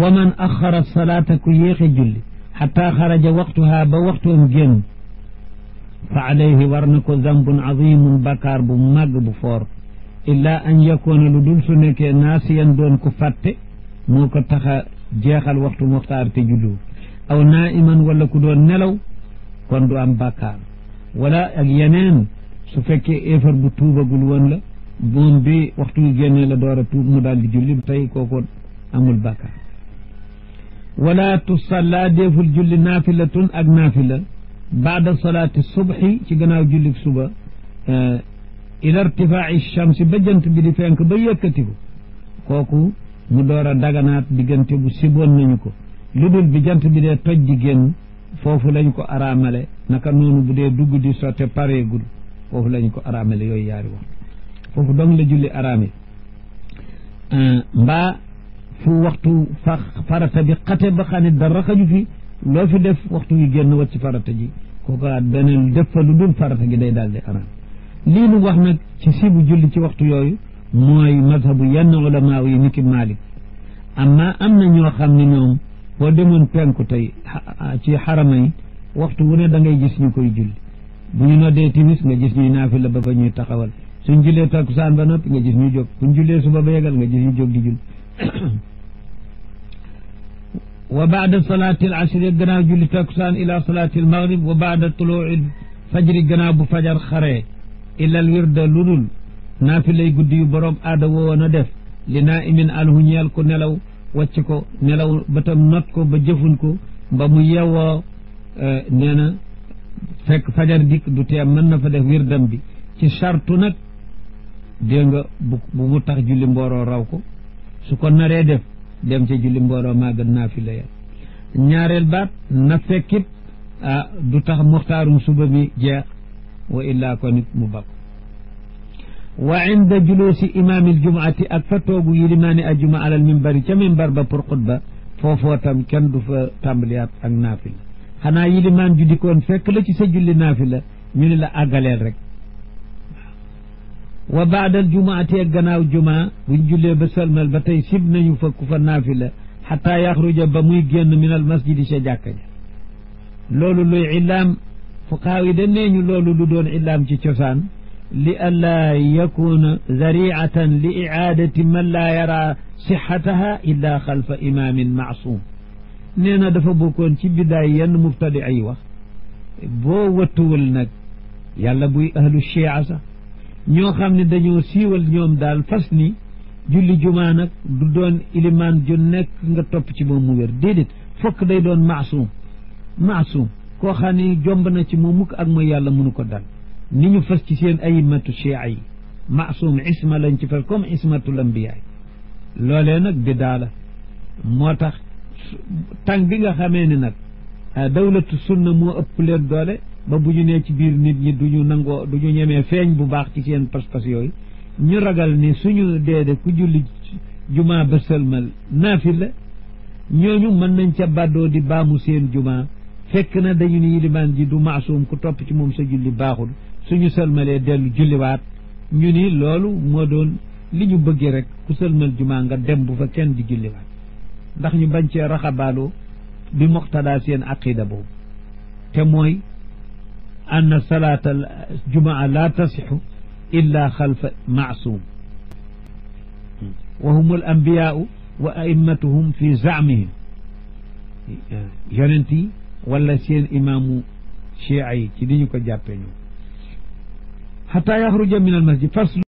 wa man axara salaata ku yéexe julli xataa xaraja waxtuhaa ba waxtu am génn fa alayhi war na ko zambun azimun bakaar bu màgg bu foor illaa an yakoona lu dul su nekkee naasiyan doon ku fàtte moo ko taxa jeexal waxtu muxtaar te julliwul aw naa'iman wala ku doon nelaw kon du am bàkkaar wala ak yeneen su fekkee éefar bu tuubagul woon la moom bi waxtu yu la door a tuub mu daal di julli tey kooku amul bàkkaar wala tusalla déeful julli naafilatun ak naafila baada salaati subhi ci gannaaw jullik suba eh, ila irtifaa'i shamsi ba jant bi di fenk ba yëkkatiku kooku mu door a daganaat diggante bu siboon nañu ko lu dul bi jant bi dee toj di génn foofu lañ ko araamale naka noonu bu dee dugg di sotte pareegul foofu lañ ko araamale yooyu yaari wax foofu dong la julli araame eh, mbaa fi waxtu fa farata bi xate ba xam ne dara xaju fi loo fi def waxtu wi génn wat ci farata ji kooku at beneen def fa lu dul farata gi day daal di araam lii nu wax nag ci sibu julli ci waxtu yooyu mooy mazhabu yenn ulama yi niki Malik amma am na ñoo xam ne ñoom boo demoon penku tey ci xarama yi waxtu wu ne da ngay gis ñu koy julli bu ñu noddee timis nga gis ñuy naafila ba ba ñuy taxawal suñ jullee takkusaan ba noppi nga gis ñu jóg buñ jullee suba ba yegal nga gis ñu jóg di julli wa baada salaati al asri gannaaw julli takkusaan ila salaati al maghrib wa baada tuluuci fajri gannaaw bu fajar xaree ilal wirda lu dul naafilay guddi yu borom aada woon a def li naa imin alhu ko nelaw wàcc ko nelaw ba not ko ba jëfun ko ba mu yeewoo eh, nee na fekk fajar dikk du tee mën na fa def wirdam bi ci sartu nag dégg nga bu mu tax julli mbooroo raw ko su ko naree def dem ca julli mbooloo maa naafila ya ñaareel baat na fekkit ah, du tax muxtaarum suba bi jeex wa illaa ko nit mu bakk wa inda juluusi imaamil jumaati ak fa toogu yilimaani ajuma alal mimbari ca mimbar ba pour xutba foofoo kenn du fa tàmbaliyaat ak naafila xanaa yilimaan ju dikoon fekk la ci sa julli naafila ñu ne la àggaleel rek wa baadal jumaati ak gannaaw juma buñ jullee ba salmal ba tey sib nañu fakku fa naafila xataa yaxruja ba muy génn min al masjidi sa jàkka ja loolu luy illaam fuqaaw yi da nee ñu loolu lu doon illaam ci cosaan li allaa yakuna zariatan li icaadati man laa yaraa sixataha illa xalfa imaamin maasuum nee na dafa bokkoon ci bidaay yenn mubtadi ay wax boo wattuwul nag yàlla buy ahlu chia sax ñoo xam ne dañoo siiwal ñoom daal fas ni julli jumaa nag du doon ilimaan ju nekk nga topp ci moom mu wér déedéet fokk day doon maasuum maasuum koo xam ne jomb na ci moom mukk ak mooy yàlla mënu ko dal ni ñu fas ci seen ayimatu chia yi maasuum isma lañ ci fas comme ismatul ambiyaay loolee nag biddaa la moo tax tàng bi nga xamee ni nag dawlatu sunna moo ëpp leen doole ba bu ñu nee ci biir nit ñi duñu nangoo du ñu ñemee feeñ bu baax ci seen pas-pas yooyu ñu ragal ni suñu deede ku julli jumaa ba sëlmal naafil la ñooñu mën nañ ca bàddoo di baamu seen jumaa fekk na dañu ni ilimaan ji du maasum ku topp ci moom sa julli baaxul suñu sëlmalee dellu julliwaat ñu ni loolu moo doon li ñu bëggee rek ku sëlmal jumaa nga dem bu fa kenn di julliwaat ndax ñu bañ cee raxabaaloo bi muqtadaa seen aqida boobu te mooy anna salaata aljumaa la tasixu illa xalfa maasuum wa hum al ambiyaau wa aimmatuhum fi zaamihim yonent yi wala seen imaamu chia yi ci li ñu ko jàppee ñoom xata yaxruja min al masjid fas